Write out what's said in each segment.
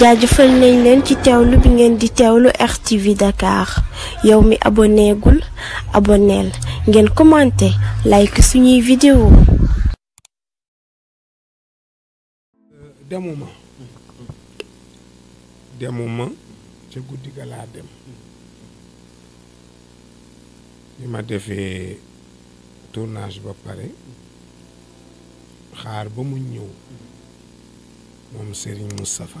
jaajëfal nañ leen ci teewlu bi ngeen di teewlu RTV dakaar yow mi aboneegul aboneel ngeen commenté like suñuy vidéo demuma demuma ca guddi ga laa dem bi ma defee xaar ba mu ñëw moom Serigne Moustapha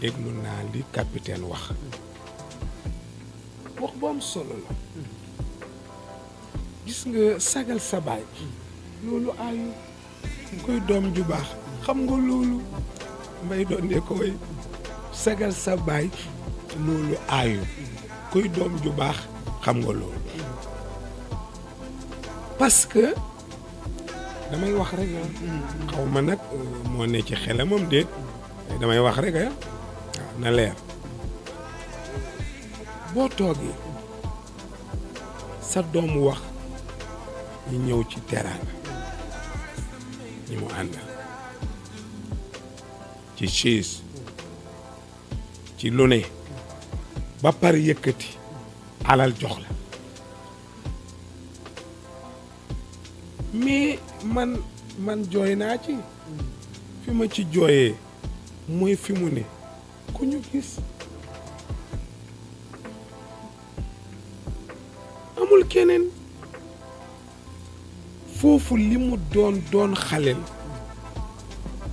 déglu naa li capitaine wax wax bu am solo la gis nga sagal sa baay loolu aayu koy dom ju bax xam nga lolu mbay doon de koy sagal sa bay lolu ayu koy dom ju bax xam nga lolu parce que damay wax rek ah. xaw ma nag euh, moo ne ci xelamam déet damay wax rek ah. na leer boo toogee sa doom wax ñu ñëw ci teraanga ñi mu àndal ci chaise ci lu ba pare yëkkati alal jox la man man jooy naa ci fi ma ci jooyee mooy fi mu ne ku ñu gis amul keneen foofu li mu doon doon xaleel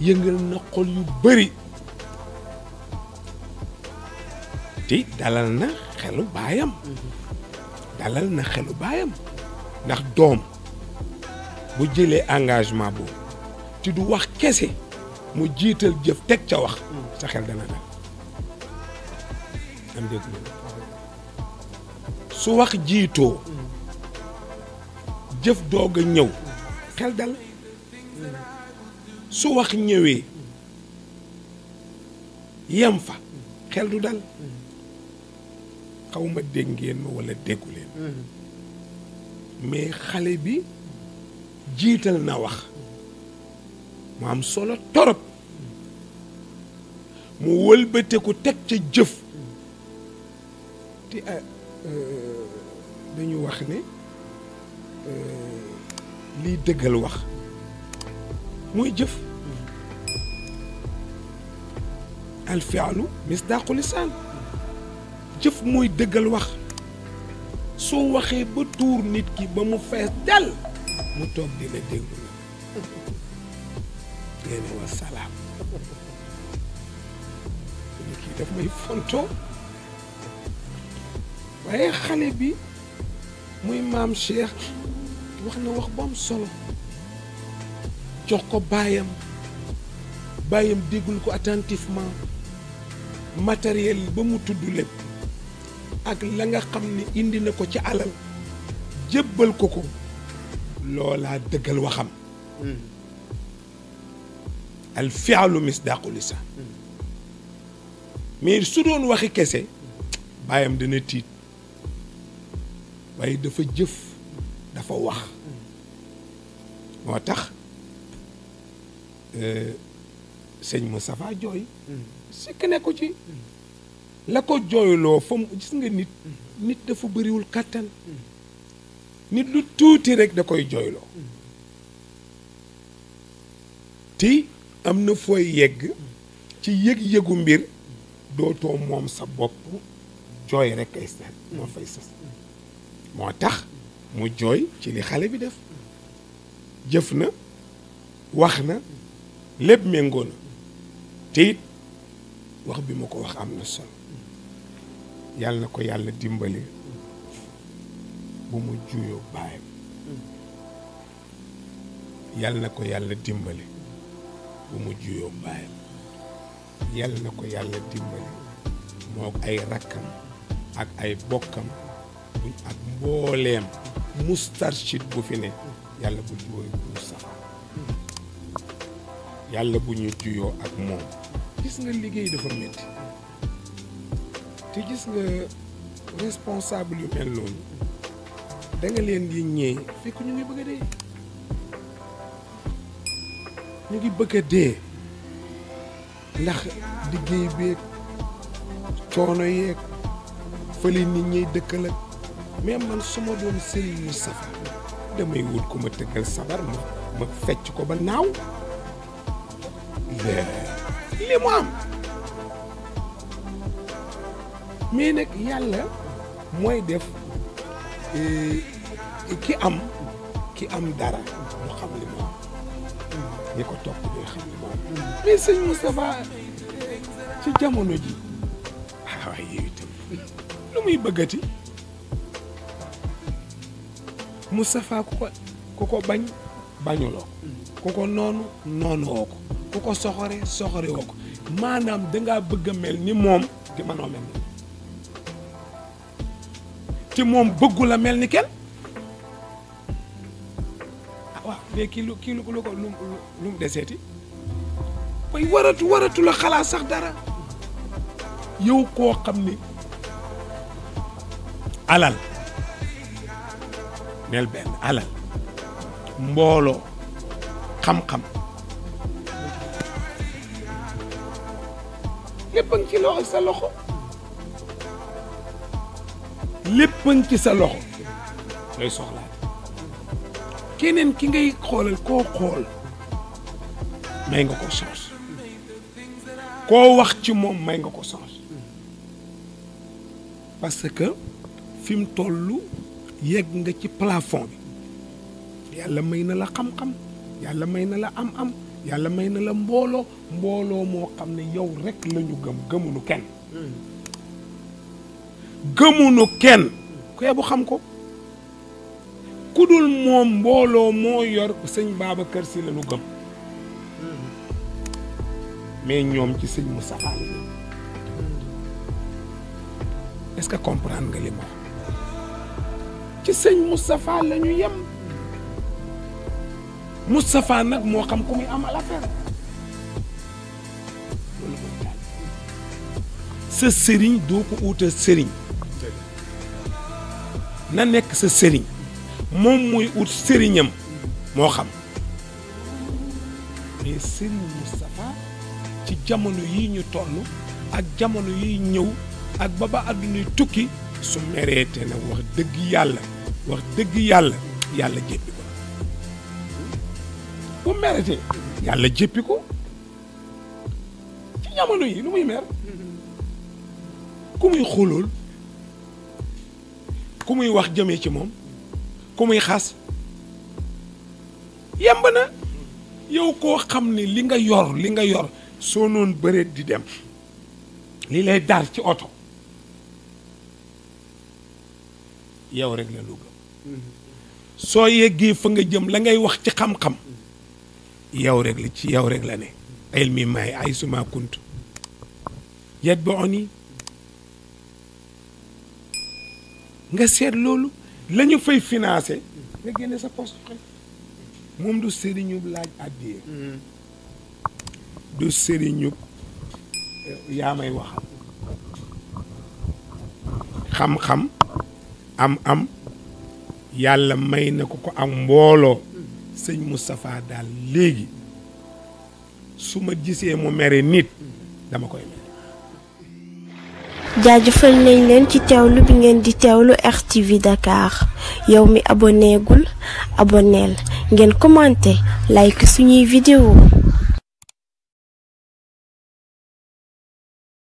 yëngal na xol yu bari te dalal na xelu baayam dalal na xelu baayam ndax doom bu jëlee engagement bu te du wax kese mu jiital jëf teg ca wax sa xel dana su wax jiitoo jëf doog a ñëw xel dal su wax ñëwee yem fa xel du dal xaw ma dégg ma wala déggu mais xale bi jiital na wax mu am solo torop mu wëlbateku teg ca jëf te ah euh, dañu wax ne euh, liy dëggal wax mooy jëf alfialu misdaaqu lisaan jëf mooy dëggal wax soo waxee ba tuur nit ki ba mu fees dal mu toog di la déglu la nee daf may fontoo waaye xale bi muy maam Cheikh wax na wax ba am solo jox ko baayam baayam déggul ko attentivement matériel ba mu tudd lépp ak la nga xam ni indi na ko ci alal jébbal ko ko loola dëggal waxam hmm. al fialu misdaaqu lisaan hmm. mais su doon waxi kese baayam dana tiit waaye dafa jëf dafa wax moo tax euh, sëñ Moustapha jooy sikk nekku ci la ko jooyloo fa gis nga nit nit dafa bariwul kàttan nit lu tuuti rekk da koy jooyloo ti am na fooy yegg ci yëg-yëgu mbir dootoo moom sa bopp jooy rek ay moo fay sas moo tax mu jooy ci li xale bi def jëf na wax na lépp méngoo na wax bi mu ko wax am na sol yàlla na ko yàlla dimbali bu mu juyoo baayam yàlla na ko yàlla dimbali bu mu juyoo yàlla na ko yàlla dimbali moo ay rakkam ak ay bokkam buñ ak mbooleem mustarchid bu fi ne yàlla bu juyoo bu yàlla bu ñu juyoo ak moom gis nga liggéey dafa métti te gis nga responsable yu mel noonu da leen di ñee fekk ñu ngi bëgg a dee ñu ngi bëgg dee ndax liggéey beeg coono yeeg fële nit ñiy dëkkal ak mais man su ma doon sëriñ mu damay wut ko ma tëggal sabar ma fecc ko ba naaw li mu am mais nag yàlla mooy def eh, ki am ki am dara mu xam li mu am ñi ko topp ñooy xam eh, ci jamono ji ah waaye yow lu muy bëggati Moustapha ku ko ku ko bañ bañuloo ku ko noonu noonuwoo ko ku ko soxore soxorewoo ko maanaam dangaa bëgg a mel ni moom te mënoo mel ni te moom bëggu la mel ni kenn ah waaw mais kii lu kii lu ko lu mu deseeti bay waratu waratu la xalaat sax dara yow koo xam ni alal neel benn alal mbooloo xam-xam lépp a ngi ci loxo sa loxo lépp a ngi ci sa loxo looy soxlaa keneen ki ngay xoolal koo xool may nga ko chance koo wax ci moom may nga ko chance parce que fi tollu yegg nga ci plafond bi yàlla may na la xam-xam yàlla may na la am-am yàlla may na la mbooloo mbooloo moo xam ne yow rekk la gëm gëmunu kenn gëmunu kenn ku yebu xam ko ku dul moom mbooloo moo yor sëñ kër Si la gëm mais ñoom ci sëñ Moustapha la est-ce que comprendre nga li wax ci sëñ Moustapha lañu ñu yem Moustapha nag moo xam ku muy amal affaire loolu mooy taal sa sëriñ doo ko uuta sëriñ na nekk sa sëriñ moom mooy ut sëriñam moo xam mais sëriñ Moustapha ci jamono yi ñu tollu ak jamono yiy ñëw ak ba ba àdduna tukki su meree te wax dëgg yàlla wax dëgg yàlla yàlla jéppi ko bu merete yàlla jéppi ko ci jamono yi lu muy mer ku muy xulool ku muy wax jëmee ci moom ku muy xas yemb na yow koo xam ne li nga yor li nga yor soo noon bëreet di dem li lay dar ci oto yow rek la lu soo yeggee fa nga jëm la ngay wax ci xam-xam yow rek la ci yow rek la ne ilmi maay ay suma kunt yet ba on nga seet loolu lañu ñu fay financé nga génne sa poste moom du sëriñub laaj àddiyee du sëriñub eh, yaa may waxal xam-xam am-am yàlla may na ko ko am mbooloo sëñ Moustapha daal léegi su ma gisee mu mere nit dama koy mere. jaajëfal nañ leen ci teewlu bi ngeen di teewlu RTV Dakar yow mi aboneegul aboneel ngeen commenté like suñuy vidéo